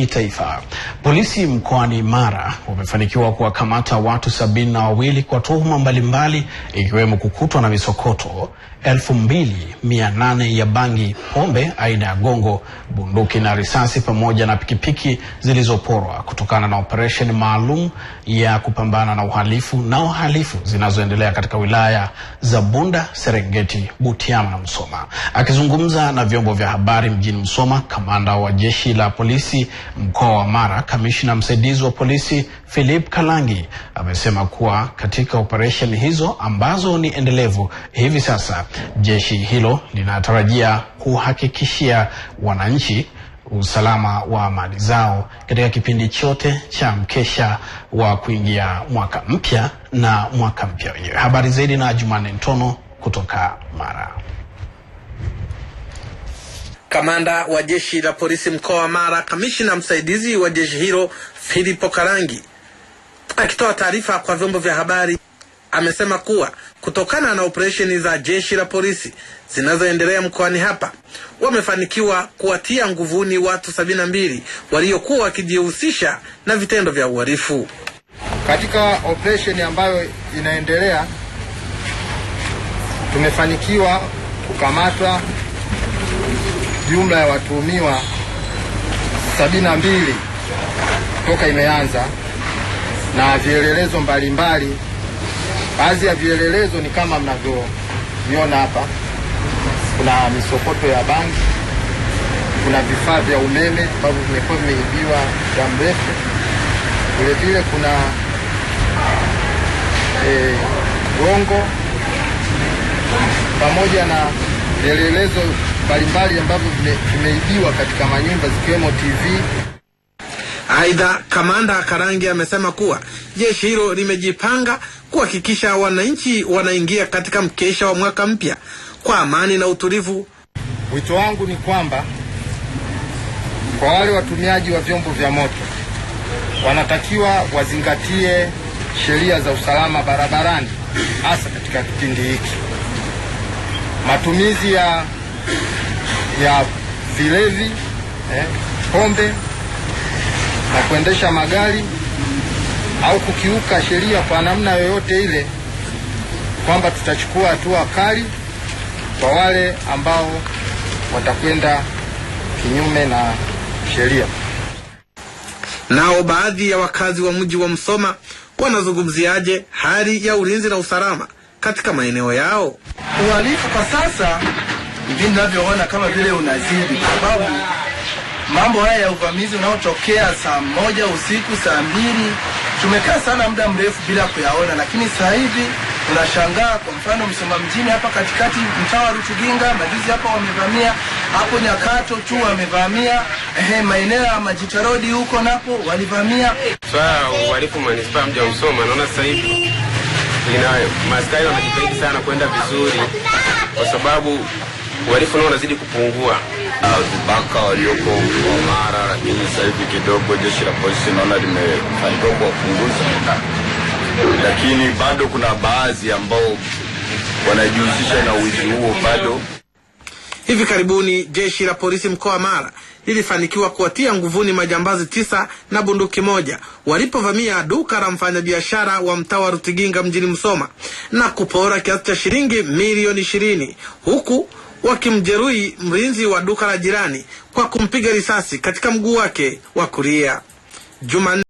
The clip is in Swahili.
kitaifa. Polisi mkoani Mara wamefanikiwa kuwakamata watu sabini na wawili kwa tuhuma mbalimbali ikiwemo kukutwa na misokoto elfu mbili mia nane ya bangi, pombe aina ya gongo, bunduki na risasi pamoja na pikipiki zilizoporwa kutokana na operesheni maalum ya kupambana na uhalifu na uhalifu zinazoendelea katika wilaya za Bunda, Serengeti, Butiama na Msoma. Akizungumza na vyombo vya habari mjini Msoma, kamanda wa jeshi la polisi mkoa wa Mara, kamishna msaidizi wa polisi Philip Kalangi amesema kuwa katika operesheni hizo ambazo ni endelevu, hivi sasa jeshi hilo linatarajia kuhakikishia wananchi usalama wa mali zao katika kipindi chote cha mkesha wa kuingia mwaka mpya na mwaka mpya wenyewe. Habari zaidi na Jumanne Ntono kutoka Mara. Kamanda wa jeshi la polisi mkoa wa Mara, kamishina msaidizi wa jeshi hilo Filipo Karangi, akitoa taarifa kwa vyombo vya habari, amesema kuwa kutokana na operesheni za jeshi la polisi zinazoendelea mkoani hapa wamefanikiwa kuwatia nguvuni watu sabini na mbili waliokuwa wakijihusisha na vitendo vya uhalifu katika operesheni ambayo inaendelea. Tumefanikiwa kukamata jumla ya watuhumiwa mbili toka imeanza na vielelezo mbalimbali. Baadhi ya vielelezo ni kama mnavyoviona hapa, kuna misokoto ya bangi, kuna vifaa vya umeme ambavyo vimekuwa vimeibiwa muda mrefu, vilevile kuna e, gongo pamoja na vielelezo mbalimbali ambavyo vimeibiwa katika manyumba zikiwemo TV. Aidha, kamanda karangi amesema kuwa jeshi hilo limejipanga kuhakikisha wananchi wanaingia katika mkesha wa mwaka mpya kwa amani na utulivu. Wito wangu ni kwamba kwa wale watumiaji wa vyombo vya moto wanatakiwa wazingatie sheria za usalama barabarani, hasa katika kipindi hiki. Matumizi ya ya vilevi eh, pombe na kuendesha magari au kukiuka sheria kwa namna yoyote ile, kwamba tutachukua hatua kali kwa wale ambao watakwenda kinyume na sheria. Nao baadhi ya wakazi wa mji wa Msoma wanazungumziaje hali ya ulinzi na usalama katika maeneo yao? Uhalifu kwa sasa hivi ninavyoona kama vile unazidi, kwa sababu mambo haya ya uvamizi unaotokea saa moja usiku, saa mbili, tumekaa sana muda mrefu bila kuyaona, lakini sasa hivi unashangaa. Kwa mfano Msoma mjini hapa katikati, mtaa wa Rutuginga majuzi hapa wamevamia, hapo Nyakato tu wamevamia, ehe, maeneo ya Majita Road huko napo walivamia. Swala uhalifu manispaa mja wa Msoma, naona sasa hivi inayo maskari wanajitahidi sana kwenda vizuri, kwa sababu uhalifu nao unazidi kupungua. Ah, vibaka uh, walioko kwa mara, lakini sasa hivi kidogo jeshi la polisi naona limefanikiwa kuwapunguza, lakini bado kuna baadhi ambao wanajihusisha na wizi huo bado. Hivi karibuni jeshi la polisi mkoa wa Mara lilifanikiwa kuwatia nguvuni majambazi tisa na bunduki moja walipovamia duka la mfanyabiashara wa mtaa wa Rutiginga mjini Msoma na kupora kiasi cha shilingi milioni ishirini huku wakimjeruhi mlinzi wa duka la jirani kwa kumpiga risasi katika mguu wake wa kulia Jumanne